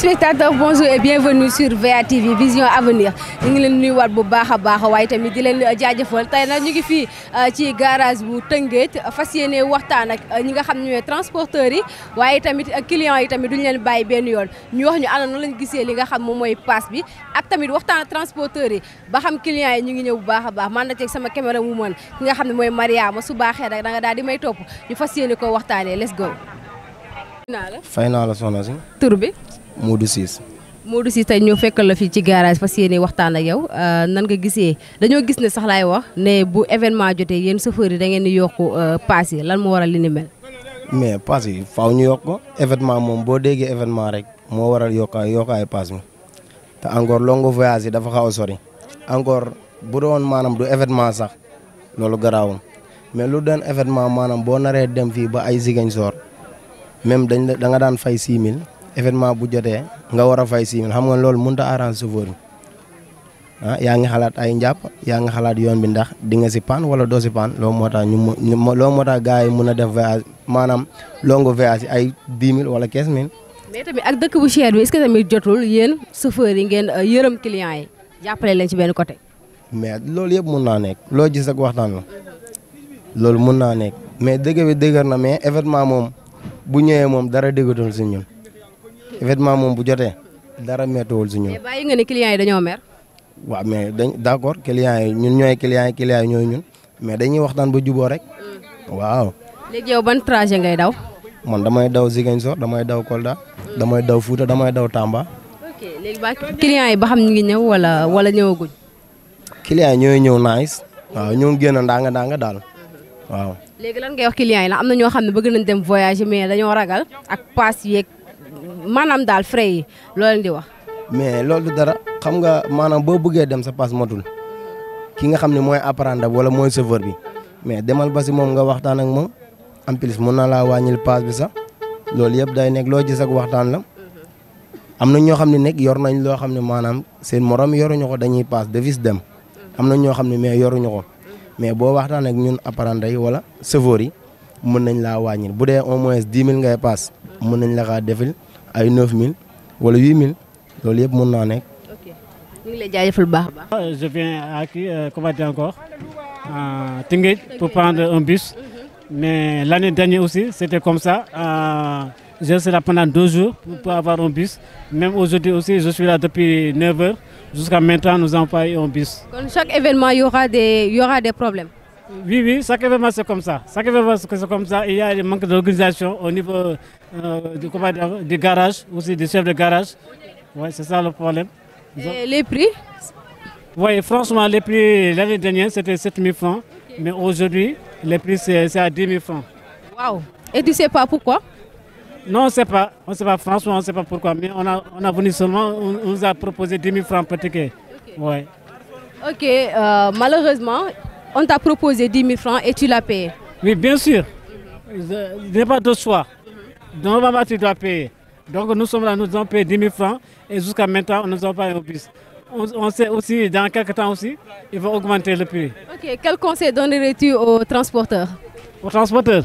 téléspectateurs bonjour et bienvenue sur VA TV Vision Avenir ñu ngi leen nuyuwaat bu baax a baax waaye tamit di leen jaajafal te nag ñu ngi fii euh, ci garage bu Tëngéej fas yéene waxtaan ak euh, ñi nga xam ne ñooy transporteurs yi waaye tamit euh, clients yi tamit duñu leen bàyyi benn yoon ñu wax ñu ana na lañ gisee li nga xam moom mooy paas bi ak tamit waxtaan ak transporteurs yi ba xam clients yi ñu ngi ñëw bu baax a baax man na teg sama caméra mu mën ki nga xam ne mooy m su baaxee rek da daal di may topp ñu fas yéene ko waxtaanee let's go naa la fay la soxna si. tur bi. Modou Ciss. Modou Ciss tey ñoo fekkal la fii ci garage fa yéene waxtaan ak yow euh, nan nga gisee dañoo gis ne sax laay wax ne bu événement jotee yéen chauffeur yi da ngeen di yokk euh, paas yi lan moo waral li ni mel. mais paas yi faaw ñu yokk événement moom boo déggee événement rek moo waral yokkaay yokkaay paas mi te encore longue voyage yi dafa xaw a sori encore bu doon maanaam du événement sax loolu garaawul mais lu doon événement maanaam boo naree dem fii ba ay Ziguinchor. même dañ la daan fay 6000 événement bu jotee nga war fay 6000 xam nga loolu mun a arrange chauffeur ah yaa ngi xalaat ay njàpp yaa ngi xalaat yoon bi ndax di nga si paan wala doo si paan loolu moo tax ñu mu loolu moo tax gars yi mun a def voyage maanaam longue voyage yi ay 10 000 wala 15 000. mais tamit ak dëkk bu cher bi est-ce que tamit jotul yéen chauffeur yi ngeen euh, yërëm client yi jàppale leen ci benn côté. mais loolu yëpp mun naa nekk loo gis ak waxtaan la loolu mun naa nekk mais dëgg bi dëgër na mais événement moom bu ñëwee moom dara déggatul si ñun événement moom bu jotee dara méttiwul si ñun. mais bàyyi nga ni clients yi dañoo mer. waaw mais dañ d' accord clients yi ñun ñooy clients yi clients yi ñooy ñun mais dañuy waxtaan ba juboo rek. Mm. waaw. léegi yow ban trajet ngay daw. man damay daw Ziguinchor damay daw Kolda. damay daw Fouta damay daw Tamba. ok léegi ba clients yi ba xam ñu ngi ñëw wala wala ñëwaguñ. clients yi ñooy ñëw nice. waaw ñoo ngi génn ndànk ndànk daal mm-hmm. waaw. léegi lan ngay wax client yi la am na ñoo xam ne bëgg nañ dem voyager mais dañoo ragal ak paas yeeg maanaam daal frais yi loolu leen di wax. mais loolu dara xam nga maanaam boo bëggee dem sa paas matul ki nga xam ne mooy apprendre wala mooy chauffeur bi mais demal ba si moom nga waxtaan ak moom en plus mun na laa wàññil paas bi sax loolu yëpp day nekk loo gis ak waxtaan la. am na ñoo xam ne nag yor nañ loo xam ne maanaam seen morom yoruñu ko dañuy paas devis dem am na ñoo xam ne mais yoruñu ko. mais si vous ñun wala sevori mën nañ au moins ngay mën nañ la ay ah, je viens à euh, encore pour prendre un bus mhm. mais l'année dernière aussi c'était comme ça. Euh, je serai là pendant deux jours pour, avoir un bus. Même aujourd'hui aussi, je suis là depuis 9 h Jusqu'à maintenant, nous n'avons pas eu un bus. chaque événement, il y aura des, y aura des problèmes oui, oui, chaque événement c'est comme ça. Chaque événement c'est comme ça. Il y a des manques d'organisation au niveau euh, du, garage, aussi des chefs de garage. Oui, c'est ça le problème. Et les prix Oui, franchement, les prix l'année dernière c'était 7 000 francs. Mais aujourd'hui, les prix c'est à 10 000 francs. Waouh Et tu sais pas pourquoi non, on ne sait pas. On ne sait pas franchement, on ne sait pas pourquoi. Mais on a, on venu seulement, on, nous a proposé 10 000 francs pour Ok, euh, malheureusement, on t'a proposé 10 000 francs et tu l'as payé. Oui, bien sûr. Il n'y a pas de choix. maman, tu dois payer. Donc nous sommes là, nous avons payé 10 000 francs et jusqu'à maintenant, on ne nous a pas eu plus. On, sait aussi, dans quelques temps aussi, il va augmenter le prix. Ok, quel conseil donnerais-tu aux transporteurs Aux transporteurs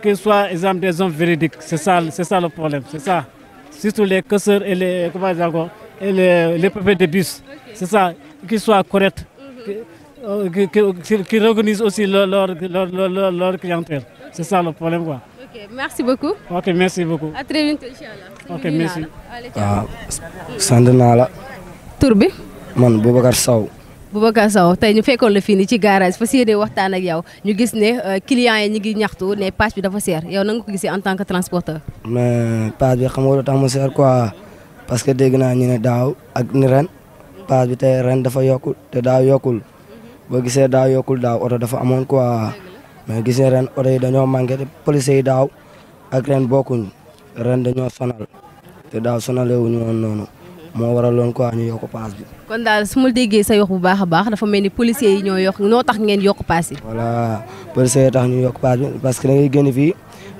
qu'ils soient des hommes véridiques. C'est ça, c'est ça le problème, c'est ça. Surtout les casseurs et les, comment et les, les de bus. C'est ça, qu'ils soient corrects, euh, qu'ils organisent reconnaissent aussi leur, leur, leur, clientèle. C'est ça le problème. Quoi. merci beaucoup. Ok, merci beaucoup. À très vite. Inch'Allah. Ok, merci. Ah, Man, Boubacar Sow tey ñu fekkoon la fii nii ci garage fas yéene waxtaan ak yow ñu gis ne euh, clients yi ñu ngi ñaxtu ne paas bi dafa seer yow na nga ko gisee en tant que transporteur. mais paas bi xam nga lu tax mu seer quoi parce que dégg naa ñu ne daaw ak ni ren paas bi te ren dafa yokkul te daaw yokkul boo gisee daaw yokkul daaw oto dafa amoon quoi mais gisee ren oto yi dañoo manqué te policiers yi daaw ak ren bokkuñ ren dañoo sonal te daaw sonalee wu noonu. moo waraloon ko ñu yok pass bi. kon dal su ma déggee sa yokk bu baaxa baax dafa melni policier yi ñoo yokk no tax ngeen yok pass yi. wala policier tax ñu yok pass bi parce que da ngay gën fi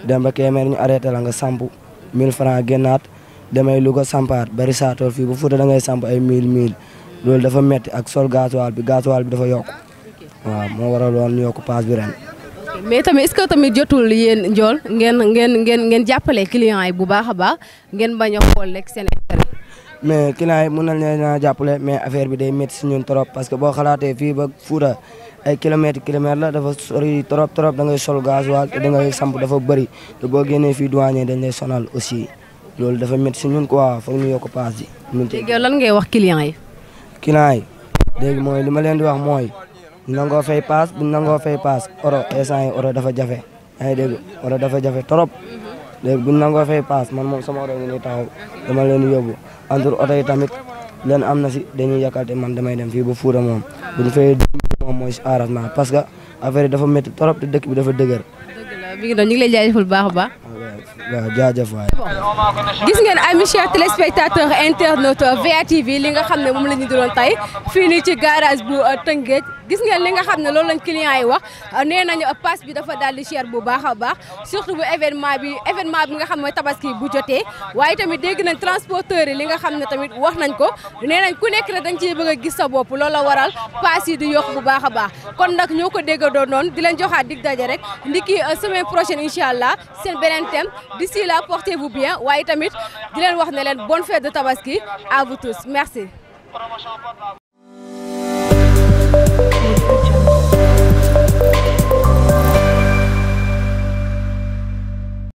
dem ba kémer ñu arrêté la nga samp 1000 francs génnaat demay ko sampaat bari sa saatool fi bu Fuuta da ngay samp ay 1000 1000 lool dafa metti ak sol gasoil bi gasoil bi dafa yokk waaw moo waraloon ñu yok pass bi ren. mais tamit est-ce que tamit jotul yeen ndjol ngeen ngeen ngeen ngeen jappalé client yi bu baaxa baax ngeen baña xol lek sen intérêt mais client yi mën nañ leen naa jàppale mais affaire bi day métti si ñun trop parce que boo xalaatee fii ba Fuuta ay kilomètres kilomètres la dafa sori trop trop da ngay sol gasoil te da ngay samp dafa bëri te boo génnee fii douanier dañ lay sonal aussi loolu dafa métti si ñun quoi foog ñu yokk paas yi. léegi lan ngay wax client yi. client yi léegi mooy li ma leen di wax mooy nangoo fay paas bu nangoo fay paas oro instant yi oro dafa jafe yaa ngi oro dafa jafe trop. léegi bu ñu nangoo fay paas man moom sama oto ngi nii taxaw dama leen yóbbu entre oto yi tamit leen am na si dañuy yàkkalte man damay dem fii ba Fuuta moom bu ñu fayee moom mooy si arrangement parce que affaire yi dafa métti trop te dëkk bi dafa dëgër. dëgg la ngi doon ñu ngi baax a baax. waaw jaajëf waay. gis ngeen ami chers téléspectateurs internautes VATV li nga xam ne moom la ñu doon tey fii nii ci garage bu euh, Tëngéej gis ngeen li nga xam ne loolu lañ client yi wax nee nañu euh, pass bi dafa daal di bu baax a baax surtout bu événement bi événement bi nga xam mooy tabaski bu jotee waaye tamit dégg nañ transporteurs yi li nga xam ne tamit wax nañ ko nee nañ ku nekk rek dañ ci bëgg a gis sa bopp loolu la waral pass yi di yokk bu baax a baax kon nag ñoo ko déggandoo noonu di leen joxaat dig daje rek ndiki euh, semaine prochaine incha allah seen beneen thème d'ici là portez-vous bien Waïtamit, tamit di bonne fête de tabaski à vous tous merci